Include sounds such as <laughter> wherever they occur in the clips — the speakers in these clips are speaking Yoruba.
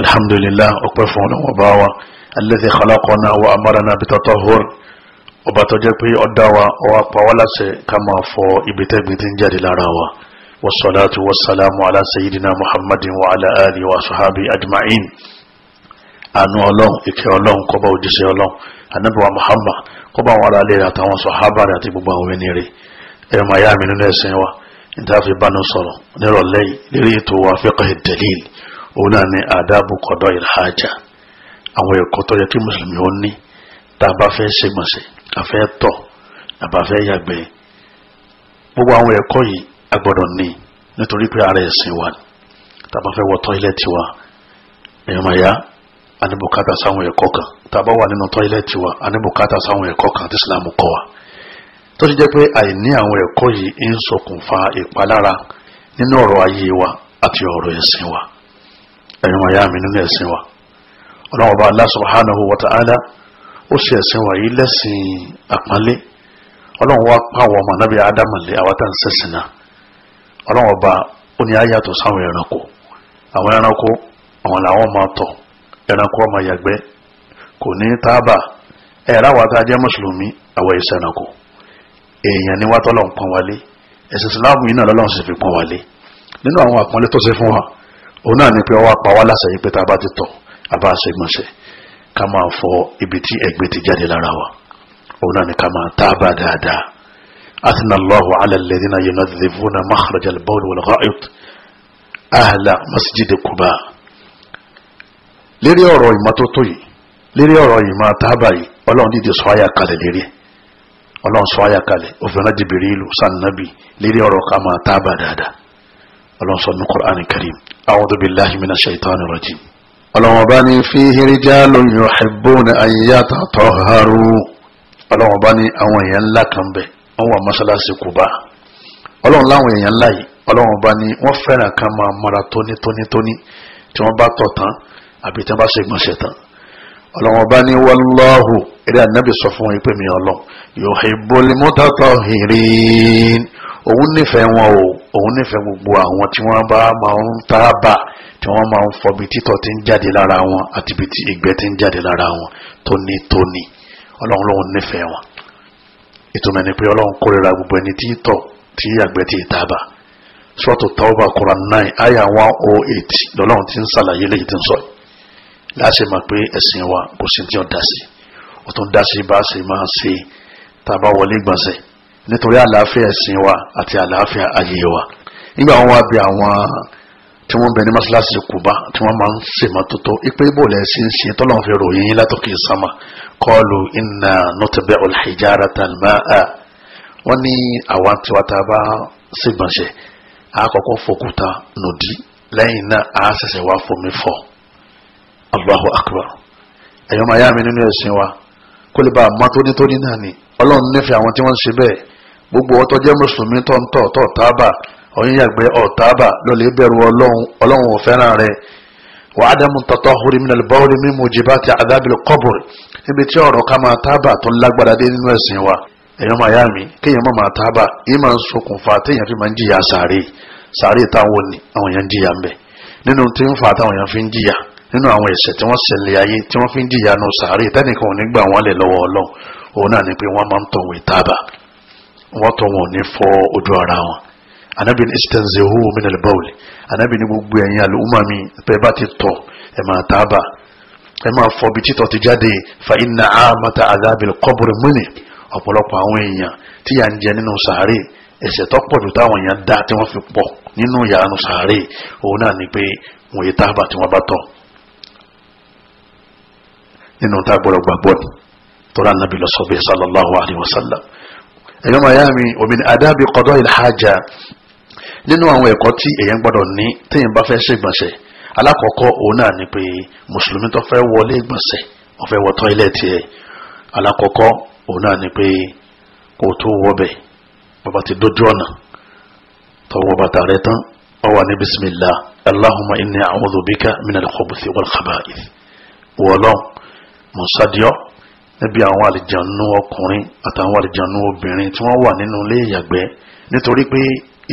alhamdulillah ọpẹ́ fún Ọlọ́run ọba wa alladhi khalaqana wa amarana bitatahhur ọba tó jẹ́ pé ọdá wa ọwọ apáwá láṣẹ ká máa fọ ibitẹgbin tí ń jáde lára wa wasalaatu wasalaamu ala sayyidina muhammadin wa ala alihi wa sahabi ajma'in àánú Ọlọ́run ìkẹ́ Ọlọ́run kọba òjíṣẹ́ Ọlọ́run anabi wa muhammad kọba àwọn aráàlẹ rẹ̀ àtàwọn sọhábà rẹ̀ àti gbogbo àwọn ẹni rẹ̀ ẹ máa yá mi nínú ẹsìn wa níta fi bá ní sọ̀rọ̀ nírọ̀lẹ́ yìí lérí ètò wa fiqh ad-dalil ona náà ni àdábù kọ̀dọ̀ ìlàjà àwọn ẹ̀kọ́ tó yẹ kí mùsùlùmí ó ní tá a gbogbo awon ẹ̀kọ́ yi a gbọ́dọ̀ ní nítorí ara esi wa tá ba fe wọ tọ́ílẹ̀tì wa ẹ̀yọ́ màá a ní bùkátà kan wa a ní bùkátà sáwọn ẹ̀kọ́ kan tí Islam kọ́ wa tó ti pé àìní àwọn wa àti ọrọ wa ẹ̀yin wọn yá mi nínú ẹ̀sìn wa ọlọ́wọ́n bá Allah subhanahu wa ta'ala ó ṣe ẹ̀sìn wa yìí lẹ́sìn àpọ́nlé ọlọ́wọ́n wá pa àwọn ọmọ anábìyà ádámọ̀lé àwọn tá à ń sẹ̀sìn náà ọlọ́wọ́n bá ó ní ayàtọ̀ sáwọn ẹranko àwọn ẹranko àwọn làwọn máa tọ̀ ẹranko ọmọ yàgbẹ́ kò ní tábà ẹ̀rá wa tá a jẹ́ mùsùlùmí àwọn ẹ̀sẹ̀ ẹranko èèyàn ni wá tọ́lọ̀ ń wálé ẹ̀sìn Islam yìí náà lọ́lọ́run sì fi pọ́n wálé nínú àwọn àpọ́nlé tó ṣe fún wa òun náà ni pé ọwọ́ apá wa láṣẹ yìí pé tá a bá ti tọ̀ a bá ṣe gbọ̀nsẹ̀ ká máa fọ ibi tí ẹ̀gbẹ́ ti jáde lára wa òun náà ni ká máa tábà dáadáa athna Allahu ala alladhina yunadhifuna makhraj al-bawl wal gha'it ahla masjid Quba lérí ọ̀rọ̀ ìmọ́tótó yìí lérí ọ̀rọ̀ ìmọ̀ yìí ọlọ́run dídì sọ àyà kalẹ̀ lérí ọlọ́run sọ àyà kalẹ̀ òfin náà Jibrilu sannabi lérí ọ̀rọ̀ ká máa tábà dáadáa ọlọ́run sọ ní Qur'an karim a'udhu billahi minash shaitani rajim. ọlọ́run bá ní fihi rijalun yuhibbuna an yatatahharu ọlọ́run bá ní àwọn èèyàn ńlá kan bẹ̀ wọ́n wà mọ́ṣáláṣí Kùbá ọlọ́run láwọn èèyàn ńlá yìí ọlọ́run bá ní wọ́n fẹ́ràn ká máa mara tóní tóní tóní tí wọ́n bá tọ̀ tán àbí tí wọ́n ní wallahu eré ànábì sọ fún wọn pé mi ọlọ́run yuhibbul mutatahhirin òun nífẹ̀ẹ́ wọn o òun nífẹ̀ẹ́ gbogbo àwọn tí wọ́n bá máa ń tábà tí wọ́n máa ń fọbi títọ́ tí ń jáde lára wọn àti ibi tí ìgbẹ́ tí ń jáde lára wọn tónítóní ọlọ́run lòun nífẹ̀ẹ́ wọn ìtumọ̀ ni pé ọlọ́run kórìíra gbogbo ẹni tí tọ̀ tí àgbẹ̀ tí tábà sọ́ọ̀tù tàwọ́bà kura nine àyà one oh eight lọ́lọ́run ti ń ṣàlàyé léyìí tí ń sọ láṣẹ máa pé ẹ̀sìn wa kò sí tí ó dá sí ó dá sí bá ṣe máa ṣe tá wọlé gbọ̀nsẹ̀ nítorí àlàáfíà ẹ̀sìn wa àti àlàáfíà ayé wa nígbà wọn wá bí àwọn tí wọ́n bẹ ní mọ́ṣáláṣí Kùbá tí wọ́n máa ń ṣèmọ́tótó ipe ìbòlẹ̀ ẹ̀sìn ṣe tọ́lọ́run fi ròyìn yín látòkè sámà kọlu inna nutbe olhijara talmaa wọ́n ní àwọn tiwa tá a bá ṣègbọ̀nṣẹ̀ àkọ́kọ́ fòkúta nòdì lẹ́yìn náà a ṣẹ̀ṣẹ̀ wá fomi fọ̀ Allahu akbar ẹ̀yọ́ máa yá mi nínú ẹ̀sìn wa kó lè bá náà ni Ọlọ́run nífẹ̀ẹ́ àwọn tí wọ́n ń ṣe bẹ́ẹ̀ gbogbo ọtọ jẹ́ mùsùlùmí tọ̀ntọ̀ tọ̀ tábà ọ̀yìn yàgbẹ́ ọ̀tábà lọ́lẹ̀ bẹ̀rù ọlọ́run ọlọ́run ò fẹ́ràn rẹ̀ wà á dẹ́mu tọ́tọ́ huri mi nàlẹ́ bọ́ọ̀lì mi mú jìbá ti àdábìlì kọ́bùrì níbi tí ọ̀rọ̀ ká máa tábà tó lágbára dé nínú ẹ̀sìn wa èèyàn máa yá mi kéèyàn máa tábà yìí máa ń ṣokùnfà téèyàn fi máa ń jìyà sàárè sàárè táwọn ni àwọn èèyàn ń jìyà ń nínú tí ń fa táwọn èèyàn fi ń jìyà nínú àwọn ẹ̀ṣẹ̀ tí wọ́n ṣẹlẹ̀ ayé tí wọ́n fi ń jìyà nù sàárè tẹ́nìkan ò ní gbà wọ́n lè lọ́wọ́ ọlọ́run òun náà ni pé wọ́n máa ń tọ̀wé tábà wọ́n tọ́ wọn ní fọ́ ojú ara wọn anabi ní istanzehu min al-bawl anabi ní gbogbo ẹ̀yin àlùmọ́ mi pé bá ti tọ̀ ẹ̀ máa tábà ẹ̀ máa fọ́ bí títọ́ ti jáde fa inna amata adhabil qabr múni ọ̀pọ̀lọpọ̀ àwọn èèyàn tí yà ń jẹ nínú sàárè ẹ̀ṣẹ̀ tó pọ̀ jù táwọn èèyàn dá tí wọ́n fi pọ̀ nínú yàrá sàárè òun náà ni pé wọ́n yé tábà tí wọ́n bá tọ̀ nínú tá ni tọ́lá nàbì lọ́sọ̀bẹ̀ sallallahu ẹ̀yọ́ miami omi ni adábí kọ́dọ̀ ìlàjà nínú àwọn ẹ̀kọ́ tí èèyàn gbọ́dọ̀ ní téèyàn bá fẹ́ ṣègbọ̀nsẹ̀ alákọ̀ọ́kọ́ òun náà ni pé mùsùlùmí tó fẹ́ wọlé gbọ̀nsẹ̀ ó fẹ́ wọ tọ́ílẹ̀tì ẹ̀ alákọ̀ọ́kọ́ òun náà ni pé kò tó wọbẹ̀ bàbá ti dójú ọ̀nà tọwọ́ bàtà rẹ tán ó wà ní bisimilá aláhùnmá inni a'udhu bika minal khubuthi níbi àwọn àlìjànú ọkùnrin àtàwọn àlìjànú obìnrin tí wọ́n wà nínú ilé ìyàgbẹ́ nítorí pé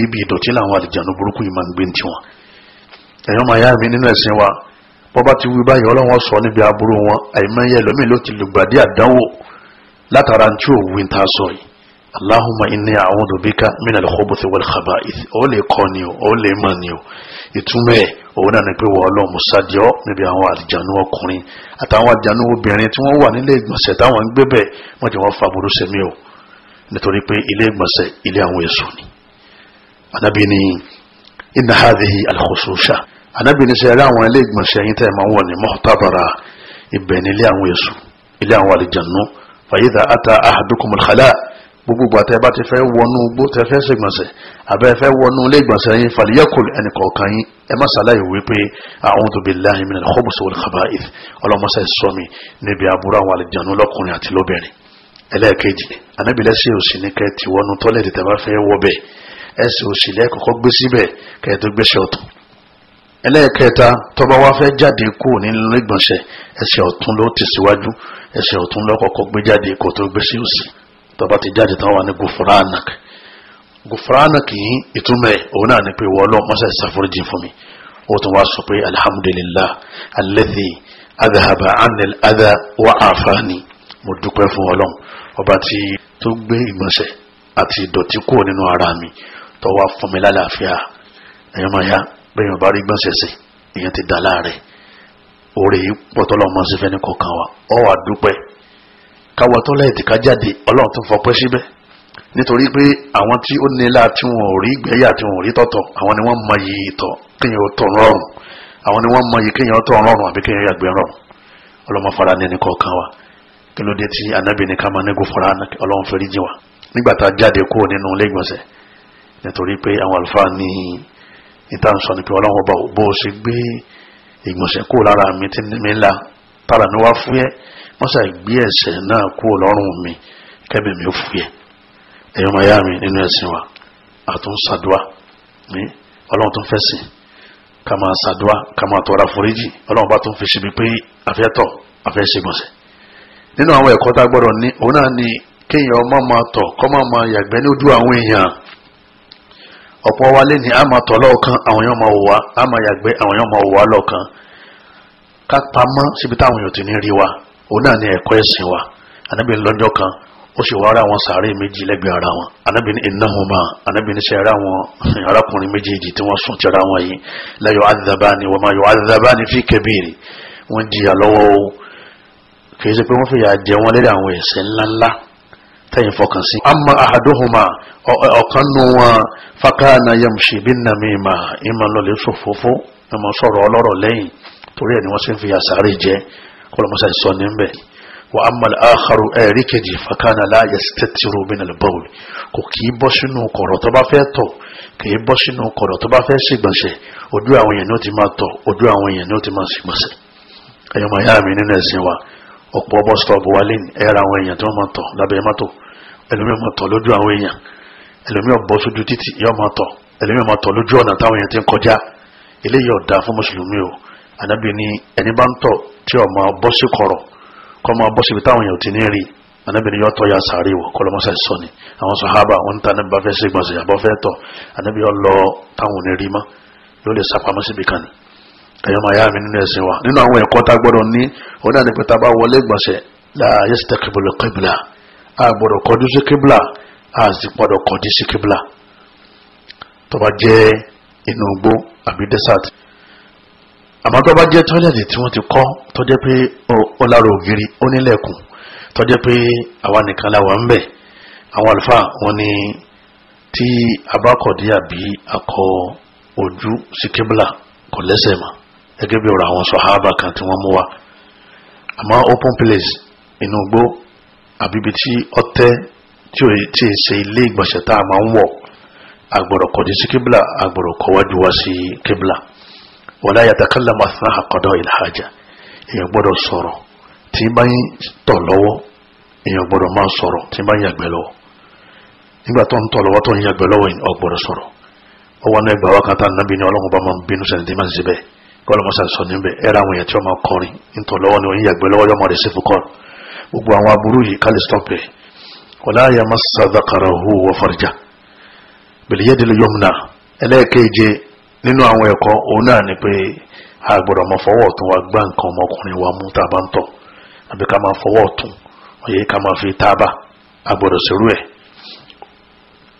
ibi ìdọ̀tí làwọn àlìjànú burúkú yìí máa ń gbé ní tiwọn ẹ̀yọ́ máa yá mi nínú ẹ̀sìn wa bọ́bá ti wí báyìí ọlọ́wọ́n sọ níbi aburú wọn àìmọye ẹlòmíì ló ti lùgbàdì àdánwò látara tí òwin ta sọ yìí Allahumma inni a'udhu bika min al-khubuthi wal khaba'ith ó lè kọ́ ni o ó lè mọ̀ ni o ìtumọ̀ ẹ̀ òun náà ni pé wọ́n ọlọ́run sádìọ́ níbi àwọn àlìjánu ọkùnrin àtàwọn àlìjánu obìnrin tí wọ́n wà nílé ìgbọ̀nsẹ̀ táwọn ń gbé bẹ̀ wọ́n jẹ́ wọ́n fa burú sẹ́mi o nítorí pé ilé ìgbọ̀nsẹ̀ ilé àwọn èso ni. anábì ni inna hadhihi al-khususha ni sẹ́yìn àwọn ilé ìgbọ̀nsẹ̀ yín tẹ́ máa wọ̀ ní muhtabara ibẹ̀ ní ilé àwọn èso ilé àwọn àlìjánu fa idha ata ahadukum gbogbo ìgbà tẹ́ bá ti fẹ́ wọnú igbó tẹ́ fẹ́ ṣègbọ̀nsẹ̀ àbẹ́ fẹ́ wọnú ilé ìgbọ̀nsẹ̀ yín fàlíyàkùn ẹnì kọ̀ọ̀kan yín ẹ má ṣàlàyé wípé a'udhu billahi minal khubusi wal khaba'ith ọlọ́mọṣẹ́ sọ mi níbi aburú àwọn àlejànú lọ́kùnrin àti lóbìnrin ẹlẹ́ẹ̀kejì anábìlẹ́sẹ̀ òsì ní kẹ́ ti wọnú tọ́lẹ̀tì tẹ́ bá fẹ́ wọ bẹ̀ ẹsẹ̀ òsì lẹ́ kọ́kọ́ gbé síbẹ̀ kẹ́ tó gbéṣẹ́ ọ̀tún ẹlẹ́ẹ̀kẹta tọ́ba wá gbé jáde kó tó gbé sí òsì tọba ti jáde tán wà ní gufranak gufranak yìí ìtumẹ̀ òun náà ni pé wọ́ọ́lọ́ mọ́sẹ̀ ṣàforíjì fún mi ó tún wá sọ pé alhamdulillah alladhi adhaba anil adha wa afani mo dúpẹ́ fún ọlọ́run ọba tí tó gbé ìgbọ̀nsẹ̀ àti ìdọ̀tí kúrò nínú ara mi tó wá fún mi lálàáfíà ẹ̀yọ́ máa ya bẹ́ẹ̀ bá rí gbọ̀nsẹ̀ sí ìyẹn ti dà láàrẹ̀ orí pọ̀tọ́lọ́mọ́sífẹ́ ní kọ̀ọ̀kan wa ó wá dúpẹ́ káwọ tọ́lẹ̀tì ká jáde ọlọ́run tó fọpẹ́ síbẹ̀ nítorí pé àwọn tí ó nílá tí wọn ò rí gbẹ́yà tí wọn ò rí tọ̀tọ̀ àwọn ni wọ́n mọ iye ìtọ̀ kéèyàn tọ̀ rọrùn àwọn ni wọ́n mọ iye kéèyàn tọ̀ rọrùn àbí kéèyàn yàgbẹ́ rọrùn ọlọ́mọ fara ní ẹnìkan kan wa kí ló dé tí anábì ní ká máa nígò fara ọlọ́run fẹ́rí jìn wa nígbà tá a jáde kúrò nínú ilé ìgbọ̀nsẹ̀ nítorí pé àwọn àlùfáà ní ìta ń sọ ni pé ọlọ́run ọba ò bó o ṣe gbé ìgbọ̀nsẹ̀ kúrò lára mi tí mi ńlá tára mi wá fúyẹ́ wọ́n sà gbé ẹ̀ṣẹ̀ náà kú ọlọ́run mi kẹ́mi mi ò fúyẹ́ ẹ̀yọ́ maya mi nínú ẹ̀sìn wa àtún ṣàdúà ní ọlọ́run tó ń fẹ́ sìn ká máa ṣàdúà ká máa tọrọ àforíjì ọlọ́run bá tó ń fi ṣe bí pé àfẹ́tọ̀ àfẹ́ṣẹ́gbọ̀nsẹ̀ nínú àwọn ẹ̀kọ́ tá a gbọ́dọ̀ ní òun náà ni kéèyàn ọmọ máa tọ̀ kọ́ máa máa yàgbẹ́ ní ojú àwọn èèyàn ọ̀pọ̀ wa lé ní àmà tọ̀ lọ́ọ̀kan àwọn èèyàn máa wò wá àmà yàgbẹ́ àwọn èèyàn máa wò lọ́ọ̀kan ká pamọ́ síbi táwọn èèyàn ti ní rí wa òun náà ni ẹ̀kọ́ ẹ̀sìn wa anábì ń lọ́jọ́ kan ó sì wára àwọn sàárè méjì lẹ́gbẹ̀ẹ́ ara wọn anábì ní innahuma anábì ní sẹ́ra wọn <laughs> arákùnrin méjèèjì tí wọ́n sùn tẹ́ra wọn yìí la yu'adhabani wa ma yu'adhabani fi kabiri wọ́n jìyà lọ́wọ́ o kìí ṣe pé wọ́n fìyà jẹ wọn lédè àwọn ẹ̀ṣẹ̀ ńláńlá tẹ́yìn fọkàn sí. amma ahaduhuma ọ̀kan nù wọn fakana yamshi bin namima ìmọ̀ lọ́lẹ̀ sòfófó ìmọ̀ sọ̀rọ̀ ọlọ́rọ̀ lẹ́yìn torí ẹ̀ ni wọ́n ṣe ń fìyà sàárè jẹ kọlọmọsá sọ ní bẹ wa amal akharu ẹ̀rí kejì fakana la yastatiru min al-bawl kò kì í bọ́ sínú kọ̀rọ̀ tó bá fẹ́ tọ̀ kì í bọ́ sínú kọ̀rọ̀ tó bá fẹ́ ṣègbọ̀nsẹ̀ ojú àwọn èèyàn ní ó ti máa tọ̀ ojú àwọn èèyàn ní ó ti máa ṣègbọ̀nsẹ̀ ẹ̀yọ́ màá yá mi nínú ẹ̀sìn wa ọ̀pọ̀ bọ́ stọọbù wa lẹ́nu ẹ̀yára àwọn èèyàn tí wọ́n máa tọ̀ lábẹ́ mọ́tò ẹlòmíì máa tọ̀ lójú àwọn èèyàn ẹlòmíì ọ̀bọ sójú títì yóò máa tọ̀ ẹlòmíì máa tọ̀ lójú ọ̀nà táwọn èèyàn ti ń kọjá eléyìí ọ̀dà fún mùsùlùmí o anabi ni ẹni bá ń tọ̀ tí ó máa bọ́ sí kọ̀rọ̀ kó máa bọ́ síbi táwọn èèyàn ti ní rí anabi ni yóò tọ̀ ya sàárè wọ̀ kọ́ lọ́mọ́sá sọ ni àwọn sàhábà wọn ń ta anabi bá fẹ́ sí gbọ̀nsẹ̀ àbọ̀ fẹ́ tọ̀ anabi yóò lọ táwọn ní rí mọ́ yóò lè sàpamọ́ síbi kan ni ẹ̀yọ́ máa yá mi nínú ẹ̀sìn wa nínú àwọn ẹ̀kọ́ tá a gbọ́dọ̀ ní òun náà ni pé tá a bá wọlé gbọ̀nsẹ̀ láàyè a gbọ́dọ̀ kọjú sí kébìlà a sì gbọ́dọ̀ kọjú àmọ́ tó bá jẹ́ tọ́lẹ̀tì tí wọ́n ti kọ́ tó jẹ́ pé ó lára ògiri ó nílẹ̀kùn tó jẹ́ pé àwa nìkan la wà ń bẹ̀ àwọn àlùfáà wọn ni tí abákọ̀dé àbí akọ ojú sí kébìlà kò lẹ́sẹ̀ mọ́ gẹ́gẹ́ bí ọ̀rọ̀ àwọn sọ̀hábà kan tí wọ́n mú wa àmọ́ open place inú igbó àbíbi tí ọtẹ́ tí ò tí ì ṣe ilé ìgbọ̀nsẹ̀ tá a máa ń wọ̀ àgbọ̀rọ̀ sí kébìlà àgbọ̀rọ̀ kọ̀wájú wá sí kébìlà wala yatakallamu athnaha qada'i al-haja èèyàn gbọ́dọ̀ sọ̀rọ̀ tí bá ń tọ̀ lọ́wọ́ èèyàn gbọ́dọ̀ máa sọ̀rọ̀ tí bá ń yàgbẹ́ lọ́wọ́ nígbà tó ń tọ̀ lọ́wọ́ tó ń yàgbẹ́ lọ́wọ́ ò gbọ́dọ̀ sọ̀rọ̀ ó wà ní ẹgbàá wákàtà nàbí ni ọlọ́run bá máa ń bínú sẹ́ni tí máa ń ṣe bẹ́ẹ̀ kọ́lọ́mọsá sọ níbẹ̀ ẹ̀rọ àwọn èèyàn tí wọ́n nínú àwọn ẹ̀kọ́ òun náà ni pé a gbọ́dọ̀ máa fọwọ́ ọ̀tún wa gbá nǹkan ọmọkùnrin wa mú tá a bá ń tọ̀ àbí ká máa fọwọ́ ọ̀tún ma fi tábà a gbọ́dọ̀ ṣerú ẹ̀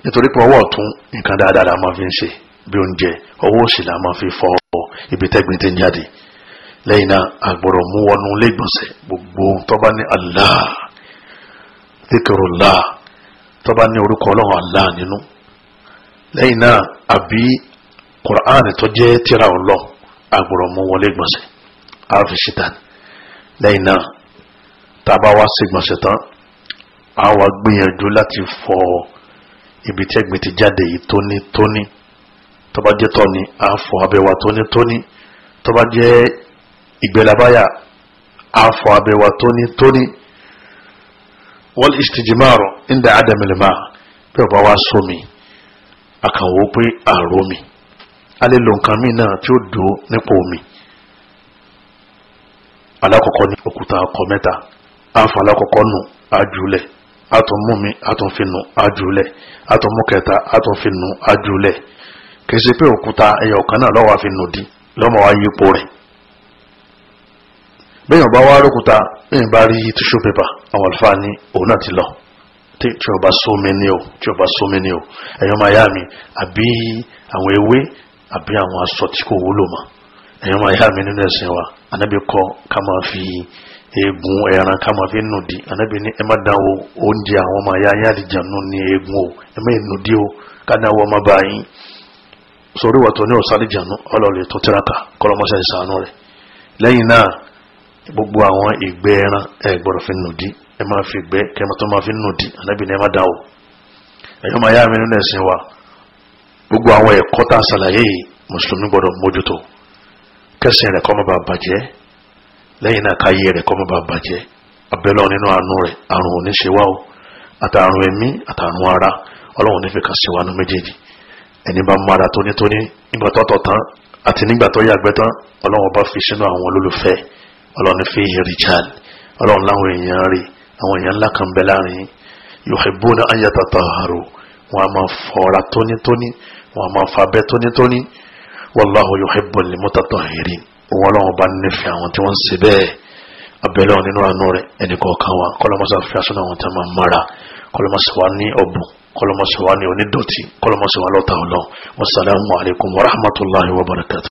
nítorí pé ọwọ́ ọ̀tún nǹkan dáadáa la fi ń ṣe bí oúnjẹ ọwọ́ òsì la máa fi fọ ibi tẹ́gbin tẹ́ ń jáde lẹ́yìn náà gbogbo ní Qur'an tó jẹ́ tíra ọlọ́ agbọ̀rọ̀ mú wọlé gbọ̀nsẹ̀ àfi ṣetán lẹ́yìn náà tábà wá sí gbọ̀nsẹ̀ tán a wá gbìyànjú láti fọ ibi tí ẹ̀gbin ti jáde yìí tónítóní tó bá jẹ́ tọ́ni a fọ abẹ́ wa tónítóní tó bá jẹ́ ìgbẹ́labáyà a fọ abẹ́ wa a lè lo nǹkan míì náà tí ó dò nípa omi alákọ̀ọ́kọ́ ní òkúta ọkọ̀ mẹ́ta àǹfà alákọ̀ọ́kọ́ nù ájúlẹ̀ àtúnmú mi àtúnfinù ájúlẹ̀ àtúnmú kẹta àtúnfinù ájúlẹ̀ pé òkúta ẹyọ kan náà lọ́wọ́ àfinù di lọ́mọ wa yípo rẹ̀ bẹ́yàn bá wá rókúta bẹ́yàn bá rí tíṣù pépà àwọn àlùfáà ní òun náà ti lọ tí ọba sómi ní o tí ọba sómi ní o ẹ̀yọ́ máa yá mi àbí àwọn ewé àbí àwọn aṣọ tí kò wúlò mọ́ ẹ̀yàn máa yá mi nínú ẹ̀sìn wa anábì kọ́ ká máa fi eegun ẹran ká máa fi nùdí anábì ní ẹ má dánwò oúnjẹ àwọn ọmọ ayá yá àlìjànú ní eegun o ẹ má nùdí o ká dánwò ọmọ bá yín sórí wàtò ní ọ̀sán àlìjànú ọlọ́ọ̀lẹ̀ tó tiraka kọ́lọ́mọṣẹ́ ìsànú rẹ̀ lẹ́yìn náà gbogbo àwọn ìgbẹ́ ẹran ẹ gbọ́dọ̀ fi nùdí ẹ má fi gbẹ́ kẹ́mọ́tọ́ má fi nùdí anábì ní ẹ má dánwò ẹ̀yọ́ máa yá mi nínú ẹ̀sìn wa gbogbo àwọn ẹ̀kọ́ tá a ṣàlàyé yìí mùsùlùmí gbọ́dọ̀ mójútó kẹsìn rẹ̀ kó má bàa bàjẹ́ lẹ́yìn náà káyé rẹ̀ kó má bàa bàjẹ́ abẹ́lẹ́ nínú àánú rẹ̀ àrùn ò ní ṣe wá o àtàrùn ẹ̀mí àtàrùn ara ọlọ́run nífẹ̀ẹ́ kan ṣe wá ní méjèèjì ẹni bá mara tónítóní nígbà tó tọ̀ tán àti nígbà tó yàgbẹ́ tán ọlọ́run bá fi sínú àwọn olólùfẹ́ ọlọ́run fi richard a máa fọra tónítóní wọn a máa fa abẹ́ tónítóní wallahu yuhibbul mutatahhirin òun ọlọ́run bá nífẹ̀ẹ́ àwọn tí wọ́n ń ṣe bẹ́ẹ̀ abẹ́lẹ́ wọn nínú àánú rẹ̀ ẹnì kọ̀ọ̀kan wa kọ́lọ́mọ́sá fi aṣọ́nà àwọn tí wọ́n máa mara kọ́lọ́mọ́sá wa ní ọ̀bùn kọ́lọ́mọ́sá wa ní onídọ̀tí kọ́lọ́mọ́sá wa lọ́ta ọlọ́run wassalamu alaikum warahmatullahi wabarakatuh